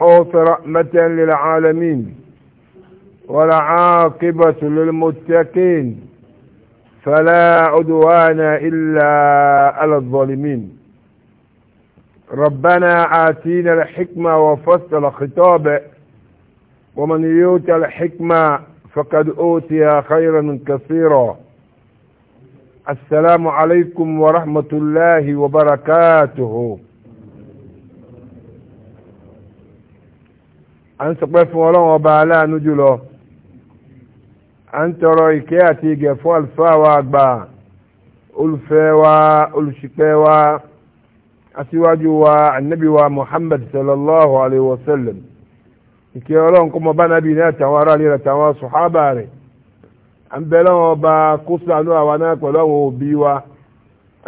أوف رحمة للعالمين والعاقبة للمتقين فلا عدوان إلا على الظالمين ربنا آتينا الحكمة وفصل خطاب ومن يؤت الحكمة فقد أوتي خيرا كثيرا السلام عليكم ورحمة الله وبركاته à ń sọpẹ́ fún ọlọ́run ọba aláàánú jùlọ à ń tọrọ ìkẹ́ àti ìgẹ̀ fún àlùfáà wa àgbà olùfẹ́ wa olùṣìpẹ̀ wa aṣíwájú wa ànábì wa Muhammad sallallahu alayhi wa sallam ìkẹ́ ọlọ́run kó mọ bá nábì ní àtàwọn aráàlú rẹ̀ àtàwọn sùhábà rẹ̀ à ń bẹ lọ́wọ́ ọba kó ṣàánú àwa náà pẹ̀lú àwọn òbí wa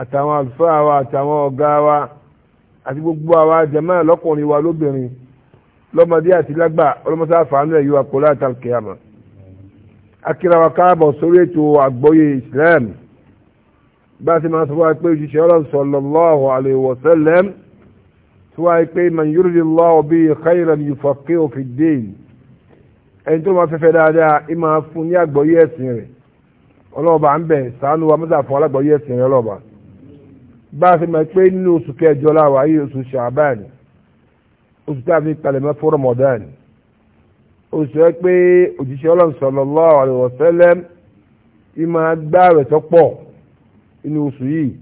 àtàwọn àlùfáà wa àtàwọn ọ̀gá wa àti gbogbo àwa jàmáà lọ́kùnrin wa lóbìnrin lọ́mọdé àti lágbà ọlọ́mọsá fàánú ẹ̀yọ́ àpòlá àtàkìyàmà akírawa káàbọ̀ sórí ètò àgbọ́yé Islam bá a ti máa sọ wá pé òṣìṣẹ́ ọlọ́run sallallahu alaihi wa sallam tí wá pé man yuridillahu bihi khayran yufaqihu fid-din ẹni tó máa fẹ́fẹ́ dáadáa ẹ máa fún ní àgbọ́yé ẹ̀sìn rẹ̀ ọlọ́ọ̀bà ń bẹ̀ sànú wa mọ́tà fún alágbọ́yé ẹ̀sìn rẹ̀ ọlọ́ọ̀bà bá a ti máa pé nínú oṣù kẹjọ láwàá yìí oṣù Ṣàbáànì oṣù tá a fi palẹ̀ mọ́ fún Ramadan oṣù ẹ pé òjíṣẹ́ Ọlọ́run sallallahu alaihi wasallam ì máa gbààwẹ̀ tó pọ̀ inú oṣù yìí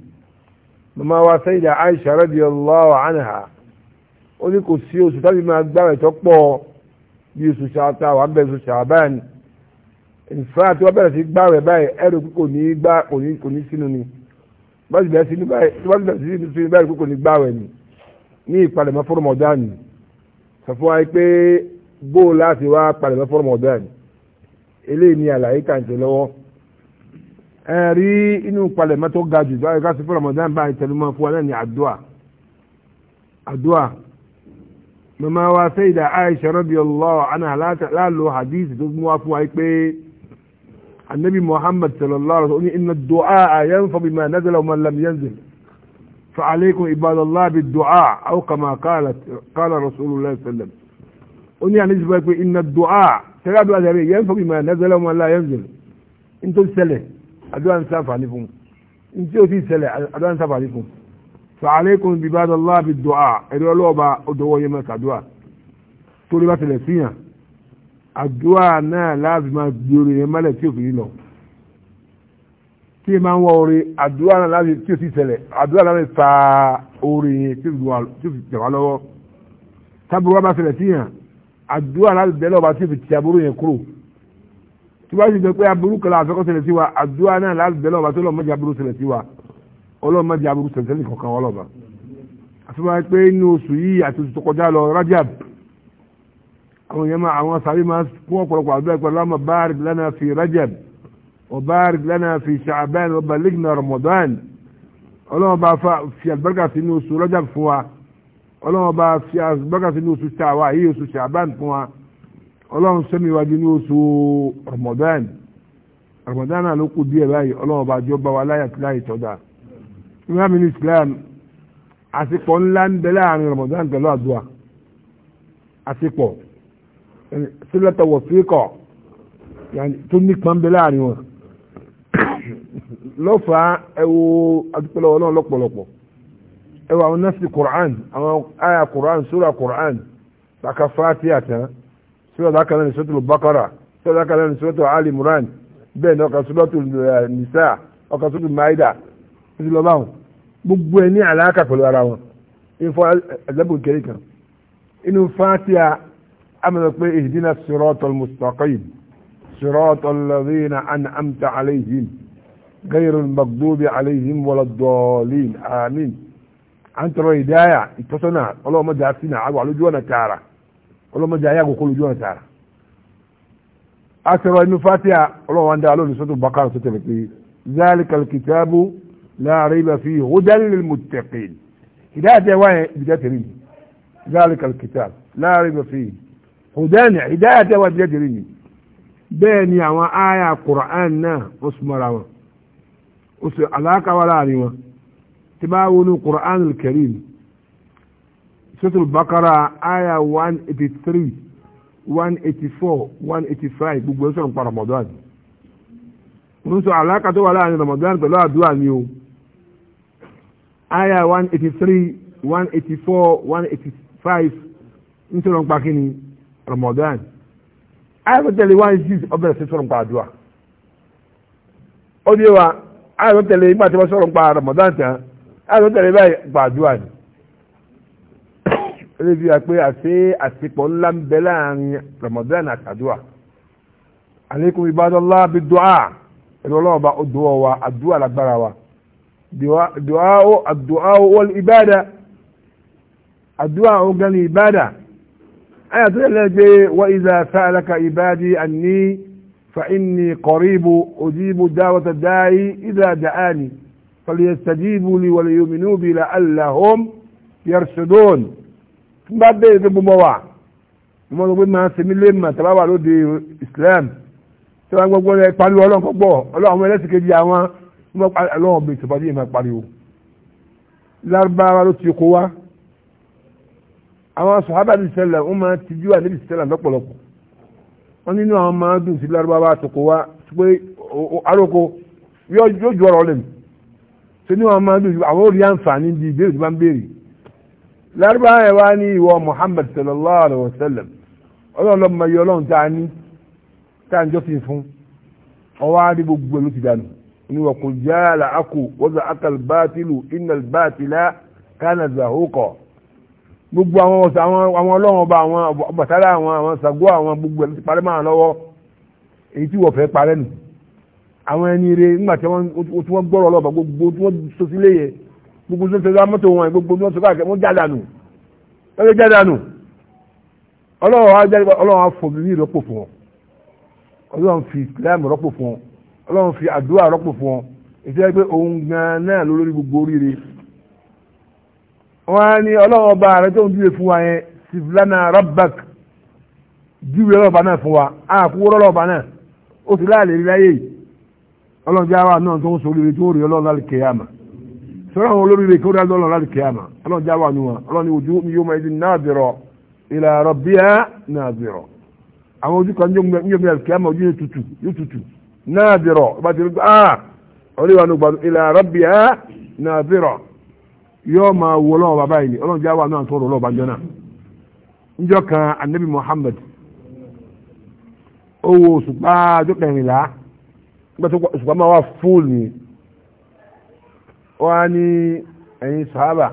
màmá wa Sayyida Aisha radiyallahu anha ó ní kò sí oṣù tábí máa gbààwẹ̀ tó pọ̀ bí oṣù ṣàtà wà bẹ̀ oṣù ṣàbáyàn ìfúnra tí wọ́n bẹ̀rẹ̀ sí gbààwẹ̀ báyìí ẹ̀rù kò ní gbá kò ní sínú ni bá ti bẹ̀rẹ̀ sí ní báyìí kò ní gbààwẹ̀ ni ní ìpalẹ̀mọ́ fún Ramadan sọ fún wa pé bó o láti wá padà lọ fọ́ọ̀mù ọ̀dọ́ ẹ̀ eléyìí ni àlàyé kàǹtẹ̀ lọ́wọ́ ẹ rí inú palẹ̀mọ́ tó ga jù báyìí ká sí fọ́ọ̀mù ọ̀dọ́ ẹ̀ báyìí tẹnumọ́ fún wa náà ní àdúà àdúà mama wa sayida aisha radiyallahu anha láàlò hadith tó mú wa fún wa pé annabi muhammad sallallahu alaihi wa sallam inna du'a yanfa bima nazala wa man lam yanzil فعليكم عباد الله بالدعاء أو كما قالت قال رسول الله صلى الله عليه وسلم أني يعني إن الدعاء تلعب أدري ينفق ما نزل وما لا ينزل أنتم سلة أدوان سافع لكم أنتم في سلة أدوان سافع لكم فعليكم عباد الله بالدعاء إذا لو با أدوى يمك أدوى طلبات الأسية أدوى نا لازم أدوى يمالك يفعل لهم tí ma ń wọ orin àdúrà náà láti tí o ti ṣẹlẹ̀ àdúrà náà fa orin tí o fi tẹ̀ wá lọ́wọ́ tábìlì wa bá ṣẹlẹ̀ sí yàn àdúrà náà bẹ̀rẹ̀ ọba tí o fi ti aburú yẹn kúrò tí wọ́n ti sọ pé aburú kan láti fẹ́kọ̀ ṣẹlẹ̀ sí wa àdúrà náà láti bẹ̀rẹ̀ ọba tí ọlọ́mọ aburú ṣẹlẹ̀ sí wa ọlọ́mọ jẹ́ aburú ṣẹlẹ̀ sí kankan ọlọ́ba àfihàn pé inú oṣù yìí àti oṣù tó kọjá lọ Rajab àwọn yẹn Rajab وبارك لنا في شعبان وبلغنا رمضان ọlọ́run bá fi àgbàgà sínú oṣù rọ́jà fún wa ọlọ́run bá fi àgbàgà sínú oṣù ṣàwà yìí oṣù ṣàbán fún wa ọlọ́run sẹ́mi wájú ní oṣù Ramadan Ramadan náà ló kù díẹ̀ báyìí ọlọ́run bá jọ bá wa láyà tí láyè tọ́da ìmọ̀ àmì ní Islam àsìpọ̀ ńlá ń bẹ láàrin Ramadan pẹ̀lú àdúrà àsìpọ̀ sílẹ̀tọ̀ wọ̀ fíkọ̀ tó nípa ń bẹ láàrin wọn. lọ́fà ẹwọ adúpẹ́lẹ́ ọlọ́run lọ́pọ̀lọpọ̀ ẹwọ àwọn nọ́ọ̀sì Qur'an àwọn àyà Qur'an sura Qur'an bàkà Fatiha tán sura bàkà náà ní suratul Baqara sura bàkà náà ní suratul Ali Imran bẹ́ẹ̀ ni ọkà suratul eh, Nisa ọkà suratul Maida ó ti lọ báwọn gbogbo ẹ ní àlàákà pẹ̀lú ara wọn ìfọ ẹ̀dẹ́gbọ̀n kéré kan inú Fatiha amẹ́lẹ́pẹ́ ihdina صراط الذين أنعمت عليهم غير المغضوب عليهم ولا الضالين آمين أنت رأي دايا اتصنا الله ما جاءتنا عدو على جوانا تارا الله ما جاء يقو كل جوانا تارا أسر إنه فاتحة الله وان دعالوا لسورة البقرة ستبكي ذلك الكتاب لا ريب فيه هدى للمتقين هداية وين بداية ريب ذلك الكتاب لا ريب فيه هدى هداية وين بداية ريب bẹ́ẹ̀ ni àwọn aya Qur'an náà ó súnmọ́ra wọn ó sì àlàkà wà láàrin wọn tí bá wọnú Qur'an al-Karim suratul Baqara aya one eighty three one eighty four one eighty five gbogbo ẹ̀ sọ̀rọ̀ Ramadan wọ́n sọ àlàkà wà láàrin Ramadan pẹ̀lú àdúrà ni o aya one eighty three ń sọ̀rọ̀ pa kí ni Ramadan ayọ̀tẹ̀lẹ̀ one six ọbẹ̀ sí sọ̀rọ̀ nípa àdúrà ó ní wa ayọ̀tẹ̀lẹ̀ nígbà tí wọ́n sọ̀rọ̀ nípa Ramadan tán ayọ̀tẹ̀lẹ̀ báyìí nípa àdúrà ni ó lè fi hàn pé àṣé àṣepọ̀ ńlá ń bẹ láàrin Ramadan àti àdúrà aleikum ibadallah bi du'a ẹ̀rọ ọlọ́ọ̀ba ó dua. ọ wa àdúrà lágbára wa du'a ó àdúrà ó wọlé ibada àdúrà ó gan ní ibada ayà tó yẹ pé wa iza sa'alaka ibadi anni fa inni qaribu ujibu da'wata da'i iza da'ani falyastajibu li wa liyu'minu bi la'allahum yarshudun tún bá bẹ́ẹ̀ tó gbọmọ wa mo mọ̀ pé máa ṣe mí lé mà tàbá wà lóde Islam tí wọ́n gbogbo rẹ̀ pariwo ọlọ́run kọ́ gbọ́ ọlọ́run àwọn ẹlẹ́sìn kejì àwọn ọlọ́run bèèrè tọ́ba yìí máa pariwo lárúbáwá ló ti kó wa àwọn sàhábà ní sẹ́lẹ̀ wọ́n máa ti jú àníbi sẹ́lẹ̀ lọ́pọ̀lọpọ̀ wọ́n nínú àwọn máa dùn sí lárúbáwá àtòkò wa pé aróko yóò ju ọ̀rọ̀ lẹ̀ ṣe ní àwọn máa dùn sí àwọn orí àǹfààní di ìbéèrè tó bá ń béèrè lárúbáwá yẹn wá ní ìwọ Muhammad sallallahu alayhi wa sallam ọlọ́run lọ́mọ iye ọlọ́run tá a ní tá a ń jọ́sìn fún ọwọ́ á rí gbogbo ló ti dànù oníwọ̀kùn jáàlà akù wọ́n gbogbo àwọn ọ̀sà àwọn ọlọ́run ọba àwọn ọ̀bàtálá àwọn àwọn ṣàgó àwọn gbogbo ẹ̀mí ti parẹ́ máa lọ́wọ́ èyí tí wọ́n fẹ́ parẹ́ nù àwọn ẹni rẹ nígbà tí wọ́n gbọ́rọ̀ ọlọ́ọ̀bà gbogbo tí wọ́n so sílé yẹ gbogbo tí wọ́n so mọ́tò wọn gbogbo tí wọ́n so káàkiri wọ́n jádànù wọ́n jádànù ọlọ́run á fòbí ní ìrọ́pò fún wọn ọlọ́run fi islam rọ́pò fún wọn ọlọ́run fi wọ́n á ní ọlọ́run ọba rẹ tó ń dúre fún wa yẹn sivlana rabbak júwe ọlọ́ọ̀bá náà fún wa àkúwọ́ ọlọ́ọ̀bá náà ó sì láàlè rí láyé yìí ọlọ́run jẹ́ náà tó ń sọ oríire tí ó rí ọlọ́run láti kíyámà sọ́rọ́ àwọn olóríire kí ó rí ọlọ́run láti wọn yóò máa wo ọlọ́run bàbá yìí ni ọlọ́run jáwọ́ náà tó rọ̀ ọlọ́run bàjọ́ náà níjọ́ kan anabi muhammed owó òṣùpá ọjọ́ kẹrìnlá nígbà tó òṣùpá máa wà fúl ni wọ́n á ní ẹ̀yin sàhábà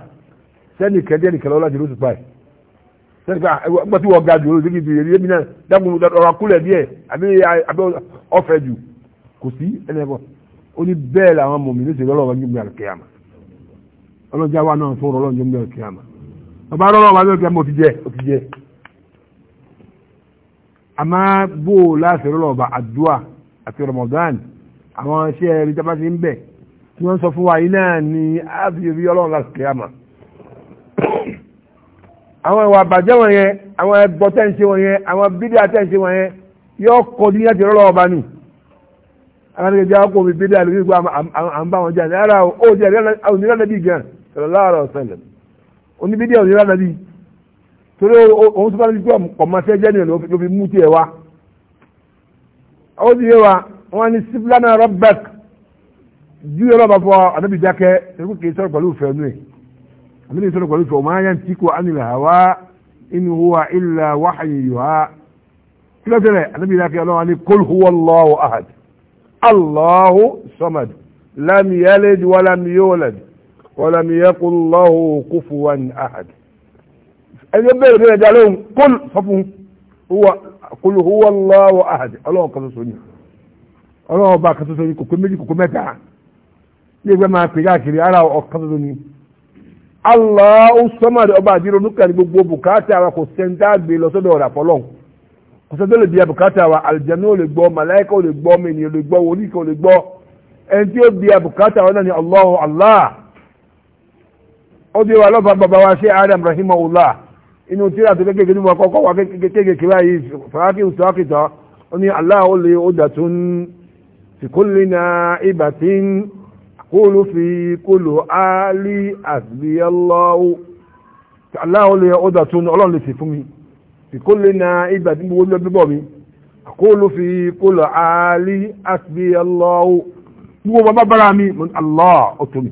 sẹ́ni kẹ́dẹ́ nìkan lọ́la jùlọ òṣùpá yìí sẹ́ni ká ẹgbẹ́ tí wọ́n ga jùlọ òṣùpá yìí èyí mi náà dákun ọ̀rọ̀ akúlẹ̀ díẹ̀ àbí ọ̀fẹ́ jù kò sí ẹnẹ́bọ̀ ó ní bẹ́ẹ̀ làwọn mọ̀mí ní ìṣèlú ọlọ́run ọlọ́jà wa náà fún ọlọ́jọ́ ń bẹ̀rẹ̀ kíámà ọba rọrọ wa lóòkè mo ti jẹ o ti jẹ àmọ́ bó o láti rọrọ ọba àdúà àti Ramadan àwọn iṣẹ́ ẹ̀rí tí a bá ti ń bẹ̀ tí wọ́n sọ fún wa yìí náà ni a fi rí ọlọ́run láti kíámà àwọn ìwà àbàjẹ́ wọn yẹn àwọn ẹbọ tẹ́ǹṣe wọn yẹn àwọn bídíà tẹ́ǹṣe wọn yẹn yóò kọ́ ní láti rọrọ ọba nù àwọn jẹ́ àkókò mi bídíà lórí gbogbo àwọn bá wọn jẹ́ àná ara ò jẹ́ àná nílẹ̀ bí gan-an sallallahu alaihi wasallam oníbídí ọ̀rọ̀ ìlànà bíi torí òun tó bá ní pé ọmọ ṣe jẹ́ nìyẹn ló fi mú tiẹ̀ wá ó sì yé wa wọn ní sífìlànà rọ́bẹ̀k júwe rọ́bà fọ ànábì dákẹ́ torí kìí sọ̀rọ̀ pẹ̀lú ìfẹ́ nù ẹ̀ ànábì sọ̀rọ̀ pẹ̀lú ìfẹ́ ọmọ ayé ti kó anil hawa in huwa illa wahyu yuha kí ló tẹ̀lé ọlọ́wọ́ ní kul huwa Allahu ahad Allahu samad lam yalid wa ولم يقل له كفوا أحد ẹni bẹ́ẹ̀ bẹ́ẹ̀ dá lóhùn kún sọ fún kul huwa Allahu ahad ọlọ́wọ́ kan ṣoṣo ni ọlọ́wọ́ bá kan ṣoṣo ni kòkó méjì kòkó mẹ́ta ní ẹgbẹ́ ọba gbogbo wa kò sẹ́ńtà gbé lọ sọ́dọ̀ ọ̀rà fọlọ́n kò sẹ́ńtà lè bí bùkátà ó dé wa lọ́ba bàbá wa ṣe adam rahimahullah inú tíra tó kékeré nínú ọkọ̀ wa kékeré kíra yìí fàákì ìtọ́kìtọ́ ó ní aláwo lè ó dàtún fi kullina ibatin kúlù fi kúlù áálí àgbéyàlọ́wọ́ aláwo lè ó dàtún ọlọ́run lè sì fún mi fi kullina ibatin gbogbo lọ́dún bọ̀ mi kúlù fi kúlù áálí àgbéyàlọ́wọ́ gbogbo bàbá bára mi Allah ó tó mi.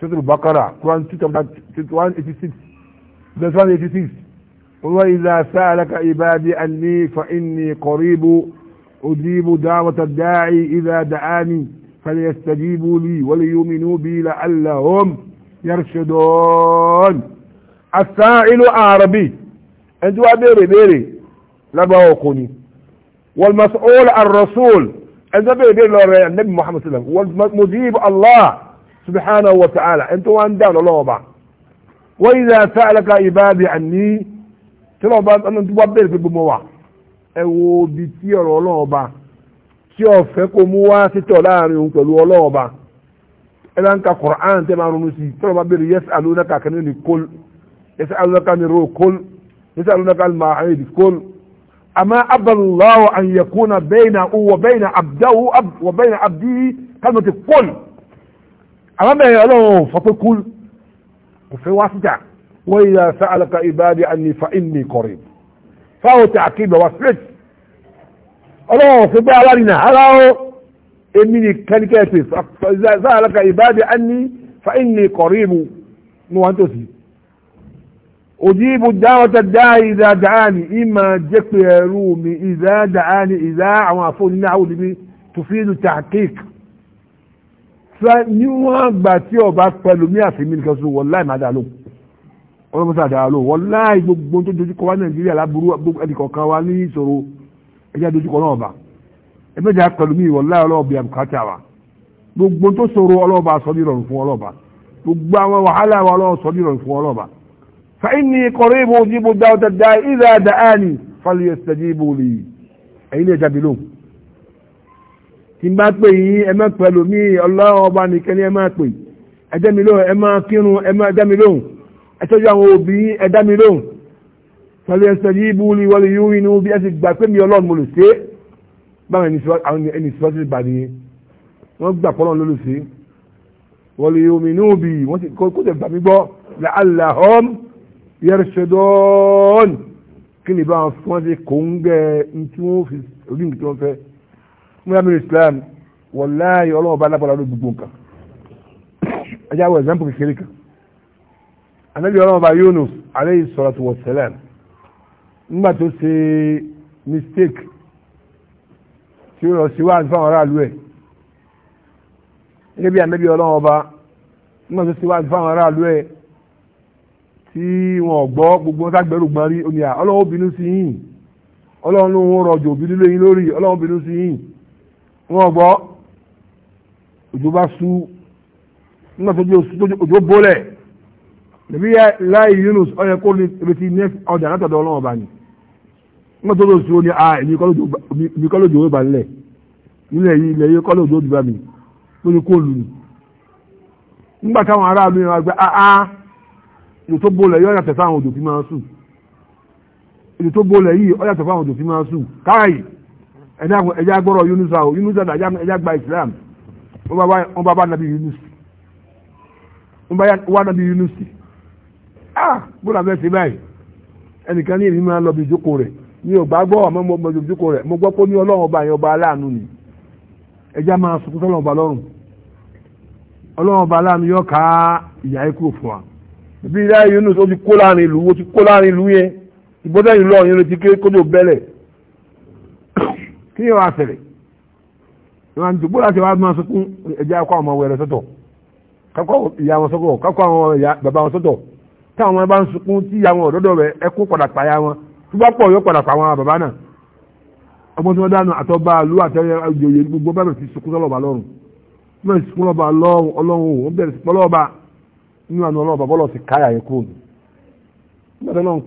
سورة البقرة quran two وإذا سألك عبادي عني فإني قريب أجيب دعوة الداعي إذا دعاني فليستجيبوا لي وليؤمنوا بي لعلهم يرشدون السائل عربي أنت بيري بيري لبوقني والمسؤول الرسول أنت بيري بيري النبي محمد صلى الله عليه وسلم والمجيب الله subhanahu wa ta'ala ẹni tó wá ń dáhùn lọ́wọ́ ọba wa idha sa'alaka ibadi anni tí wọ́n bá ọ̀nà tó wá bẹ̀rẹ̀ pé gbogbo wa ẹ wo ibi tí ọ̀rọ̀ ọlọ́wọ́ ọba tí ọ̀fẹ́ kò mú wá títọ̀ láàrin òun pẹ̀lú ọlọ́wọ́ ọba ẹ bá ń ka Qur'an tẹ́ máa ronú sí i tí wọ́n bá bẹ̀rẹ̀ yas'alunaka kẹ́ni ní kol yas'alunaka ní ro kol yas'alunaka ní ma'id kol àmọ́ aballáhu an yakuna bayna wa bayna abdahu wa bayna abdihi kálmọ̀tì kol àbábẹ̀rẹ̀ ọlọ́run fọ́pẹ́ kú òfin wá síjà wọ́n yíya sa'alaka ibadi anni fa inni qarib fáwọn tí a kí lọ wá straight ọlọ́run òfin gbé alárìnà ara ó èmi ní kẹ́nikẹ́ pé sa'alaka ibadi anni fa inni qarib mu ní wọ́n tó sí ojibu dáwọ́tà dáa ìdá dáání ìmọ̀ jẹ́ pé ẹrú mi ìdá dáání ìdá àwọn àfọ̀ àwọn òdìbí tufidu tahqiq níwọ̀n gbà tí ọba pẹ̀lú mí àfi mi nìkan so wọláì máa dà lóhùn ọlọ́mọsá dà lóhùn wọláì gbogbo tó dojúkọ wa nàìjíríà láburú ẹnìkọ̀ọ̀kan wa ní ìṣòro ẹjẹ́ dojúkọ náà ọba ẹgbẹ́jà pẹ̀lú mí wọláì ọlọ́ọ̀bì àbùkátà wa gbogbo tó ṣòro ọlọ́ọ̀bà sọ ní ìrọ̀rùn fún ọlọ́ọ̀bà gbogbo àwọn wàhálà wa ọlọ́ọ̀ sọ ní ìrọ̀rùn fún ọlọ́ọ̀bà tí n bá pè yín ẹ má pẹ̀lú mi ọlọ́run ọba nìkan ni ẹ má pè ẹ dá mi lóhùn ẹ má kírun ẹ má dá mi lóhùn ẹ tọ́jú àwọn òbí ẹ pẹ̀lú ẹsẹ̀ yìí bú wọlé yìí rí bí ẹ ti gbà pé mi ọlọ́run mo lè ṣe é báwọn ẹni ìṣúwá ti bà nìyẹn wọ́n gbà pọ́lọ́ ló lè ṣe é wọlé yìí omi bí wọ́n ti kó tẹ̀ gbà mí gbọ́ la múlámìlì islam wọláyé ọlọ́wọ́ bá lápá lọ́dún gbogbo nǹkan ẹjá wọ example kékeré kan anabi ọlọ́wọ́ bá Yunus aleyhi salatu wa salam nígbà tó ṣe mistake tí ó lọ sí wáàzì fáwọn aráàlú ẹ̀ gẹ́gẹ́ bí anabi ọlọ́wọ́ bá nígbà tó ṣe wáàzì fáwọn aráàlú ẹ̀ tí wọn gbọ́ gbogbo wọn ságbẹ́rù gbọ́n rí omi à ọlọ́wọ́ bínú sí yìí ọlọ́wọ́ ló ń rọ̀jò bínú lórí ọlọ́wọ́ bínú sí yìí wọn gbọ́ òjò bá sú nígbà tó òjò bólẹ̀ nàbí láì Yunus ó yẹ kó retí next order látọ̀dọ̀ ọlọ́wọ́ bá ní nígbà tó òjò sú ó ní a èmi kọ́ lójó bá nílẹ̀ nílẹ̀ yìí ilẹ̀ yìí kọ́ lójó bá mi ó ní kó lù mí nígbà táwọn aráàlú yẹn wá gbé a a èdè tó bólẹ̀ yìí ó yàtọ̀ sáwọn òjò tí máa sùn èdè tó bólẹ̀ yìí ó yàtọ̀ sáwọn òjò tí máa sùn káàyè ẹja gbọ́rọ̀ yunusa o yunusa náà ẹja gba islam wọ́n bá bá nabi yunus wọ́n bá nabi yunus ah bóla bẹ́ẹ̀ ṣe báyìí ẹnìkan ní èmi máa lọ bí ìjókòó rẹ̀ mi ò gbà gbọ́ àmọ́ mo bí ìjókòó rẹ̀ mo gbọ́ pé ní ọlọ́run ọba yẹn ọba aláàánú ni ẹja máa sọkún sọ́lọ́run ọba lọ́rùn ọlọ́run ọba aláàánú yọ ká ìyá ikú fún wa bí ìyá yunus ó ti kó láàrin ìlú ó ti kó láàrin ìlú yẹn ìbọ́dẹ̀ ìlú kí a sere ṣẹlẹ̀ ìwà ní gbọ́dọ̀ àti wàá máa sọkún ẹja kọ́ àwọn ọmọ wẹ̀rẹ̀ sọ́tọ̀ kakọ́ ìyá wọn sọkọ kakọ́ àwọn bàbá wọn sọ́tọ̀ táwọn ọmọ bá ń sunkún tí ìyá wọn ọdọdọ rẹ̀ ẹkún padà pàyà wọn tó bá pọ̀ yóò padà pa bàbá náà ọmọ tí wọ́n dáná àlú gbogbo àná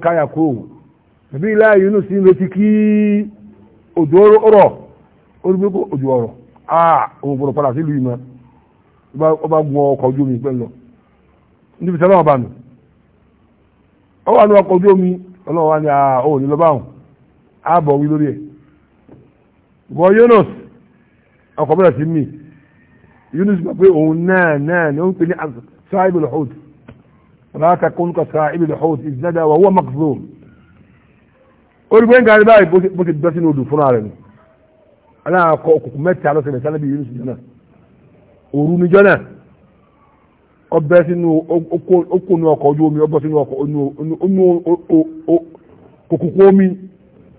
káyà kúrò òjò rọ̀ olùgbé òjò ah òun gbọ́dọ̀ padà sílùú ìmọ̀ ó bá gun ọkọ̀ ojú omi pẹ́ lọ níbi tí ọlọ́wọ́ bá mi ó ojú omi ọlọ́wọ́ wá ní àhó ah, ní ahụ ààbọ̀ wí lórí ẹ̀ bọ́ Yunus ọkọ̀ bẹ̀rẹ̀ sí mi Yunus gbà pé òun náà náà ni ó pè ní wà wọ́n olùgbé ń gari báyìí bó ti dọ́ sínú odò fúnra rẹ̀ ni ala òkùnkùn mẹ́ta lọ́sẹ̀ mẹ́ta níbi yunus jọ́nà òru ni jọ́nà ọbẹ̀ sínú okòónú ọkọ̀ ojú omi ọbọ̀ sínú ọkọ̀ onú òkùnkùn omi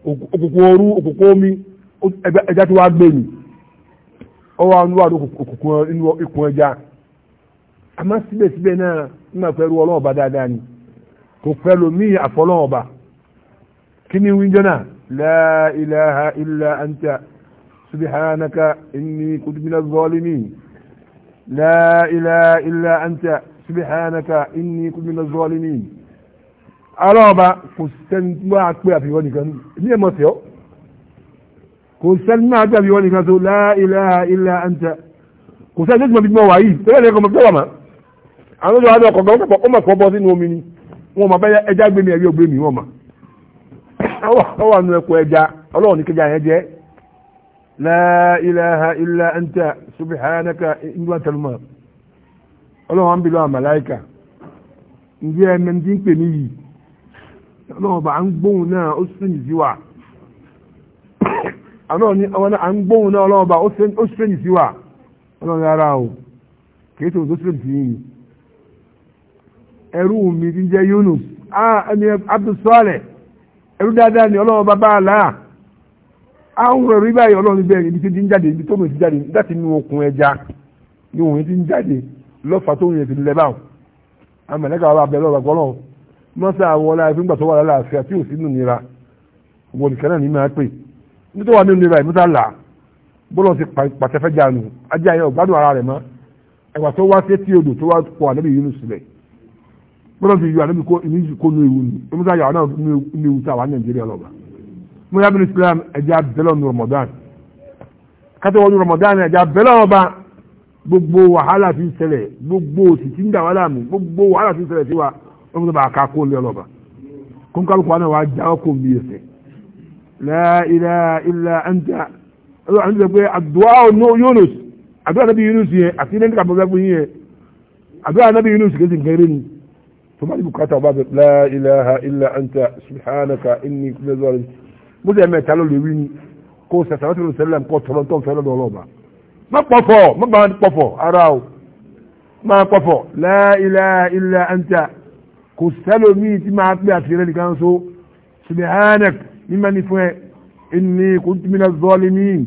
òkùnkùn oru òkùnkùn omi ẹja tí wàá gbé mi ọwọ́ àwọn olúwa òkùnkùn inú ikùn ẹja àmọ́ síbẹ̀síbẹ̀ náà ọlọ́ọ̀ba dáadáa ni kò kíní wíjọ́ náà la ilaha illa anta subhanaka inni kuntu minaz zalimin la ilaha illa anta subhanaka inni kuntu minaz zalimin alọ́ọ̀ba kò sẹ́ni tí wọ́n á pé àfihàn nìkan ní ẹ̀mọ́ sí ọ́ kò sẹ́ni náà pé àfihàn nìkan tó la ilaha illa anta kò sẹ́ni tó ti mọ̀ bí mo wà yìí tẹ́lẹ̀ lẹ́kọ̀ọ́ mọ̀ pé wà má àwọn ọjọ́ àdó ọkọ̀ gan ó mọ̀ pọ̀ wọn mọ̀ bẹ́ẹ̀ ẹja gbé mi ẹ̀rí wọn mọ̀. ọwọ́ àánú ẹ̀kọ́ ẹja ọlọ́run ní kẹjà na ilaha illa anta ìgbà tẹlumọ ọlọ́run ń bi lọ́wọ́ màláìka ǹjẹ́ ẹ̀mẹ́ ti ń pè mí yìí ọlọ́run bá à ń gbóhùn náà ó sì à ń gbóhùn náà bá ó o kìí tó ẹrú mi ti jẹ́ ẹ̀rú dáadáa ni ọlọ́wọ́ bá bá a láà àwọn ẹ̀rú báyìí ọlọ́run bẹ́ẹ̀ ibi tí ń jáde ibi tó mi ti jáde láti inú okùn ẹja ni òun ti ń jáde lọ́fà tó yẹn ti lẹ́ báwọn amẹ̀lẹ́kà wà bẹ́ẹ̀ lọ́wọ́ gbọ́lọ́ mọ́sá àwọn ọlá ẹ̀fín gbà tó wà tí ò sínú nira wọ̀n nìkan ní máa pè nítorí wà nínú nira là bọ́lọ̀ ti pàtẹ́fẹ́ ajá ara rẹ̀ mọ́ gbọ́dọ̀ ti yọ àdébí kó ìmísì kó nu ewu ni èmi sá yàrá náà nu ewu tá a wà ní nàìjíríà lọ́ba mo yà bínú islam ẹ̀jẹ̀ abẹ́lẹ̀ nu ramadan kátẹ́wọ́ nu ramadan ẹ̀jẹ̀ abẹ́lẹ̀ ọba gbogbo wàhálà ti ń ṣẹlẹ̀ gbogbo òsì ti ń dà wàhálà mi gbogbo wàhálà ti ń ṣẹlẹ̀ sí wa wọ́n mú bàa ká kó lé ọlọ́ba kó ń kálukú àná wàá já ọkọ̀ mi ẹsẹ̀ la ilaha illa anta ọlọ́run àti sọ pé àdúrà ọ̀nà yónus àdúrà nàbí yónus yẹn àti ilé nígbà bọ́ ثم علي بكاتا باب لا إله إلا أنت سبحانك إني كنت ظالم مدى ما تعالوا لويني كو سسوات الرسلام كو ترانتون فعلا دولوبا ما قفو ما بان قفو أراو ما قفو لا إله إلا أنت كو سلومي تما أتبع في ذلك أنسو سبحانك مما نفوه إني كنت من الظالمين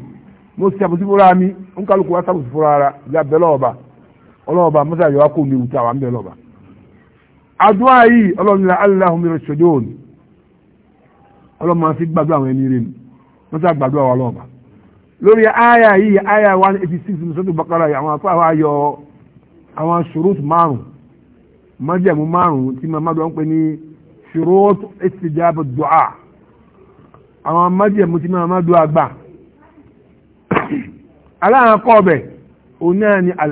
مستقبل فرامي أنك لكو أسابق فرارا جاب بلوبا ọlọ́ọ̀ba mọ́sá yọ wá kó mi àdúrà yìí ọlọ́nìlá aláhùn mìíràn ṣòjó òní ọlọ́mọ fi gbàdúrà àwọn ẹni rẹ̀ ni wọ́n ti gbàdúrà wà lọ́ọ̀bà lórí àyà yìí àyà one eighty six nìṣẹ́tù bàkàrà yìí àwọn akọ́ àwọn ayọ̀ àwọn ṣòrót márùn májẹ̀mú márùn tí màmá dọ̀ ń pè ní ṣòrót ìsìjáàbù dùà àwọn májẹ̀mú tí màmá dọ̀ àgbà aláàkọ́ ọbẹ̀ òun náà ni al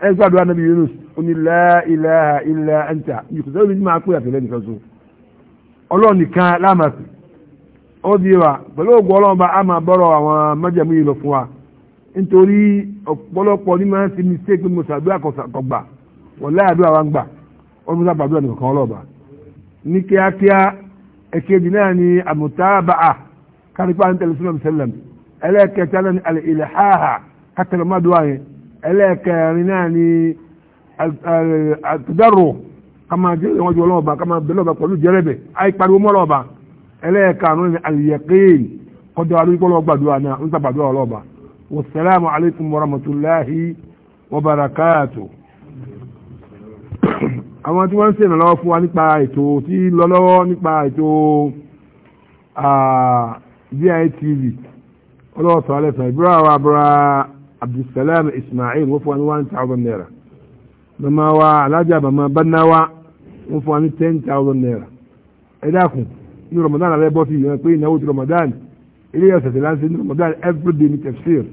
ẹ gbàdúrà Yunus oní la ilaha illa anta yìí máa pè àtẹ̀lẹ́ nìkan so ọlọ́run nìkan láàmàsì ó di wa pẹ̀lú ògùn ọlọ́run bá a máa bọ́rọ̀ àwọn májàmú yìí lọ fún wa nítorí ní máa ń mistake wa ń gbà sábà nìkan ní kíákíá èkejì náà ni kárípà náà ni àlè ẹlẹ́ẹ̀kẹrin náà ni àtúndàrò ká máa jẹ́ ìwájú ọlọ́ọ̀bà ká máa bẹ̀rẹ̀ ọ̀bà pẹ̀lú jẹ́rẹ̀bẹ̀ àìpariwo mọ́ ọlọ́ọ̀bà ẹlẹ́ẹ̀karùn-ún ni àlìyẹ̀kéyìn kọjá alúgbọ́lọ́ gbàdúrà náà ń tàbàdúrà ọlọ́ọ̀bà abdulsalam ismail wọ́n fún wa ní one thousand naira mama wa alájà mama bannawa wọ́n fún wa ní ten thousand naira ẹ dákun ní ramadan alẹ́ bọ́ sí ìyẹn pé ìnáwó ti ramadan ilé ẹ̀sẹ̀ ti láǹṣẹ́ ní ramadan everyday ní tafsir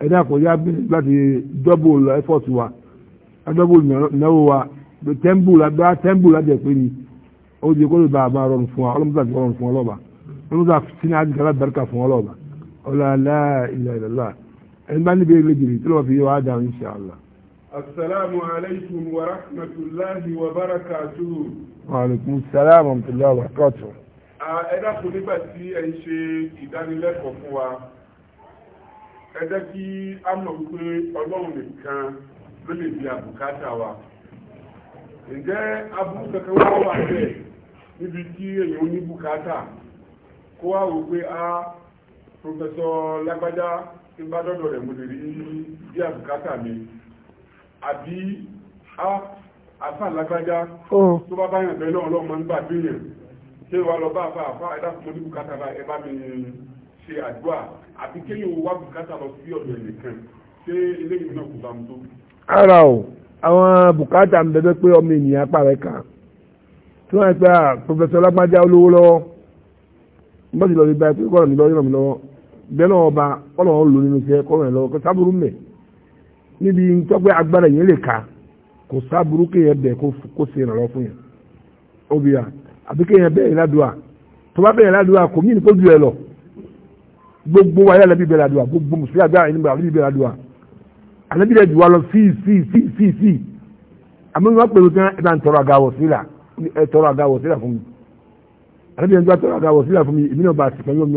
ẹ dákun yá bí láti double effort wa double ìnáwó wa tẹ́ḿbù lábẹ́ tẹ́ḿbù lábẹ́ pé ni ó di kó lè bá a máa rọrùn fún wa ọlọ́mọdé àti rọrùn fún ọlọ́ba ọlọ́mọdé àti sinadi kala barika fún ọlọ́ba ọlọ́lá ilẹ̀ ilẹ̀ láà ẹni bá níbi ilé jìrì tí lọ́wọ́ fi yọ wá dáhùn insha Allah. asalaamu alaykum wa rahmatulahi wa barakatuhu. wa aleykum salaam wa rahmatulahi wa barakatuhu. ẹ dákun nígbà tí ẹ ń ṣe ìdánilẹ́kọ̀ọ́ fún wa ẹ jẹ́ kí a mọ̀ pé ọlọ́run nìkan ló lè bí àbùkátà wa ǹjẹ́ aburú kankan wá wà bẹ́ẹ̀ níbi tí èèyàn ní bùkátà kó wá wò pé a ah, pòfẹ́sọ̀ lágbájá tí bá dọ́dọ̀ rẹ̀ mo lè rí bí àbùkátà mi àbí àfà lágbájá tó bá báyàn bẹ́ẹ̀ náà ọlọ́mọ ń gbàgbé yẹn ṣé wàá lọ bá àfà àfà ẹ̀dá fún mi bùkátà bá ẹ bá mi ṣe àdúrà àti kéyìn wá bùkátà lọ sí ọ̀dọ̀ ẹ̀nìkan ṣé ilé ìlú náà kò bá mu tó. ara o àwọn bùkátà ń bẹ̀bẹ̀ pé ọmọ ènìyàn apá rẹ̀ kà tí wọ́n á pẹ́ à pòfẹ́sọ̀ lágbájá olówó lọ́wọ́ bẹ́ẹ̀ lọ́wọ́ ba ọlọ́wọ́ lò nínú iṣẹ́ kọ́ ẹ̀ lọ́wọ́ kó sábúrú mẹ́ níbi tọ́gbẹ́ agbára yẹn lè ka kò sábúrú kéèyàn bẹ̀ kó ṣe ìrànlọ́ fún yẹn obìyà àbí kéèyàn bẹ́ẹ̀ yẹn ládùúà tó bá bẹ́ẹ̀ yẹn ládùúà kò mí ní kó ju ẹ lọ gbogbo wa yàrá bíbẹ̀ ládùúà gbogbo mùsùlùmí àgbà yẹn nígbà bíbẹ̀ ládùúà àlẹ́bí rẹ̀ jù wá lọ fíì fíì fíì fíì fíì àmì wọn pèrò tí wọn bá ń tọrọ àga wọ̀sílà ẹ tọrọ àga wọ̀sílà fún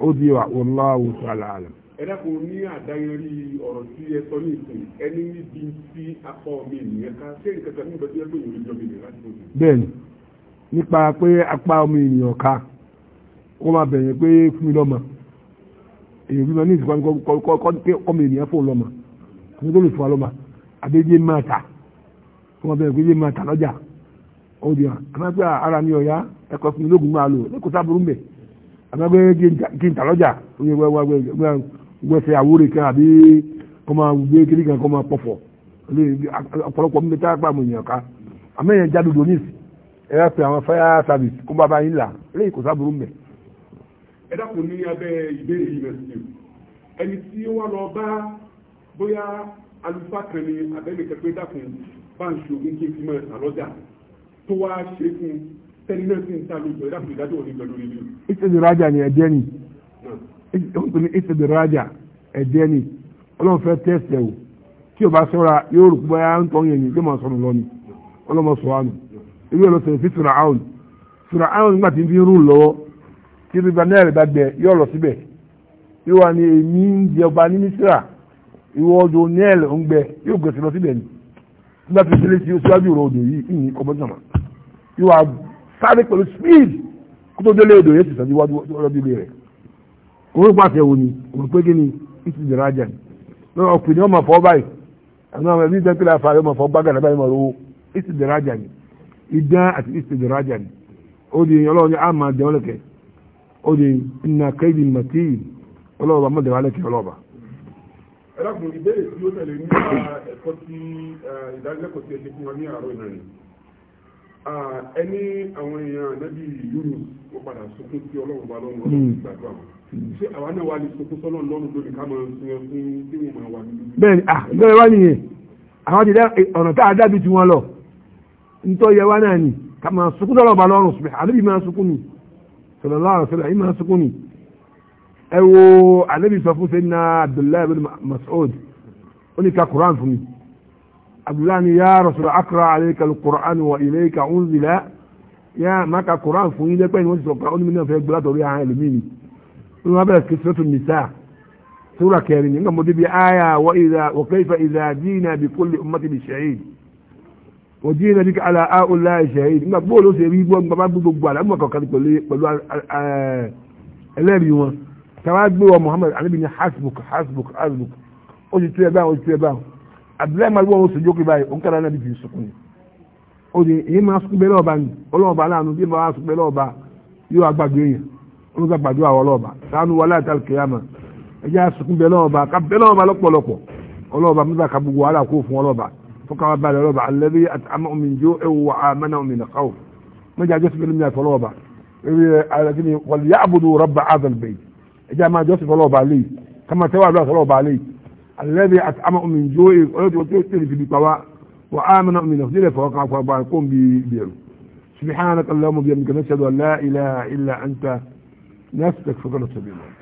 ó di wa wallahu ala alam. ẹ dákun ní àdáyẹrí ọ̀rọ̀ tí ẹ sọ ní ìsìn ẹni níbi tí akọ mi nìyẹn ká tí ẹ nìyẹn láti nípa pé apá ọmọ ènìyàn ká wọn máa pé fún mi lọ́mọ ní ìsìnkú ọmọ ènìyàn fún lọ́mọ tó lè lọ́mọ máa tà bẹ̀rẹ̀ pé máa fún mi àmọ́gbé kí n tà lọ́jà gbẹ̀sẹ̀ àwúrè kan àbí kọ́ máa gbé kiri kan kọ́ máa pọ̀fọ̀ ọ̀pọ̀lọpọ̀ mi tá a pa àmọ̀yàn ká àmọ́yàn jáde donis ẹ yà pé àwọn fire service kó bàbá yín là lẹ́yìn kò sábúrú mẹ́. ẹ dákun ní abẹ́ ìbéèrè yìí mẹ́sìn ẹni tí ó wá lọ bá bóyá àlùfáà kan ní abẹ́nìkan pé dákun bá ń ṣògùn kí n fi mọ̀ ẹ̀sà lọ́jà tó wá ṣe fún un tẹ́lí náà sì ń ta lójú ẹ̀dá fún ìdájọ́ òní pẹ̀lú rí. ìṣèdìrájà ni ẹ̀jẹ̀ ni ìṣèdìrájà ẹ̀jẹ̀ ni ọlọ́run fẹ́ tẹ́sẹ̀ o tí o bá sọ́ra yóò rò pé à ń tọ́ yẹn ni yóò máa sọ̀rọ̀ lọ ni ọlọ́mọ sọ wa nù ebi yóò lọ sọ̀rọ̀ sí fìrà áwọn fìrà áwọn nígbà tí n fi ń rún lọ́wọ́ tí rìbá náírà bá gbẹ yóò lọ síbẹ̀ yóò wà ní èmi ń jẹ ọba ní mísírà ìwọ ọdún náírà ń gbẹ yóò gbèsè lọ síbẹ̀ ni nígbà tí o ṣe lé sí o síwájú rò odò yìí ìyìn ọmọ yóò wà sáré pẹ̀lú speed kó tó délé èdè yẹn sì sàn níwájú ọlọ́dún ilé rẹ̀ òun pa àtẹ̀wò ni òun pé kí ni ìtì ìdìrà ni wọ́n máa fọ́ báyìí àwọn ọmọ ẹbí máa fọ́ báyìí àti ó di ọlọ́run ní àmà ó di kéde màtí ìbéèrè tí ó tẹ̀lé nípa ẹ̀kọ́ ẹni àwọn èèyàn ànábì Yunus wọ́n padà sunkún sí ọlọ́run bá hmm. ṣé náà wà ní sunkún sọ́nà ká máa tí wọ́n máa wà nínú. wá nìyẹn àwọn ti dá ọ̀nà tá a dábì tí lọ nítorí yẹ wá náà ni ká máa sunkún sọ́nà bá lọ́run sùpẹ̀ máa sunkún ni sọ̀rọ̀lá àrọ̀sọ̀rọ̀ yìí máa sunkún ni ẹ wo ànábì sọ fún sẹ́yìn náà Abdullahi abdullahi ya rasul akra alayka alquran wa ilayka unzila ya maka quran fún yín lẹ́pẹ́ ni wọ́n ti sọ̀kọ́ ó ní mi náà fẹ́ gbé látọ̀rí àwọn ẹlòmíì ni wọ́n bẹ̀rẹ̀ sí sọ́tù nìta sura kẹrin nígbà mo débi aya wa idha wa kayfa idha jina bi kulli ummati bi shahid wa jina bika ala aula shahid nígbà bóòlù ṣe rí gbọ́ nígbà bá gbogbo àlá mọ̀ kọ̀ọ̀kan pẹ̀lú ẹlẹ́rìí wọn tàwa gbé wa muhammad alibi ni hasbuk hasbuk hasbuk ó ti tú ẹ báwọn ti tú ẹ abdullahi malu wọn sì jókòó báyìí òun kára nàbí fi sọkún ni ó di èyí máa sọkún bẹ́ẹ̀ lọ́ọ̀bá ni ọlọ́ọ̀bá láàánú bí máa sọkún bẹ́ẹ̀ lọ́ọ̀bá yóò agbàgbé yẹn wọn ká gbàdúrà wọ lọ́ọ̀bá sànù wà láti alkiyama ẹjẹ́ àsọkún bẹ́ẹ̀ lọ́ọ̀bá ká bẹ́ẹ̀ lọ́ọ̀bá lọ́pọ̀lọpọ̀ ọlọ́ọ̀bá mẹ́ta ká gbogbo wàhálà kó fún ọlọ́ọ̀bá fọkàwá balẹ̀ ọlọ́ọ̀bá alẹ́bí àtàmà omi jó ewu wà á mẹ́nà الذي أتعمق من جوي في بطواء وآمن من أفضل فوقع فباركم بيره سبحانك اللهم بيرمك نشهد أن لا إله إلا أنت نفسك فقرت سبيل الله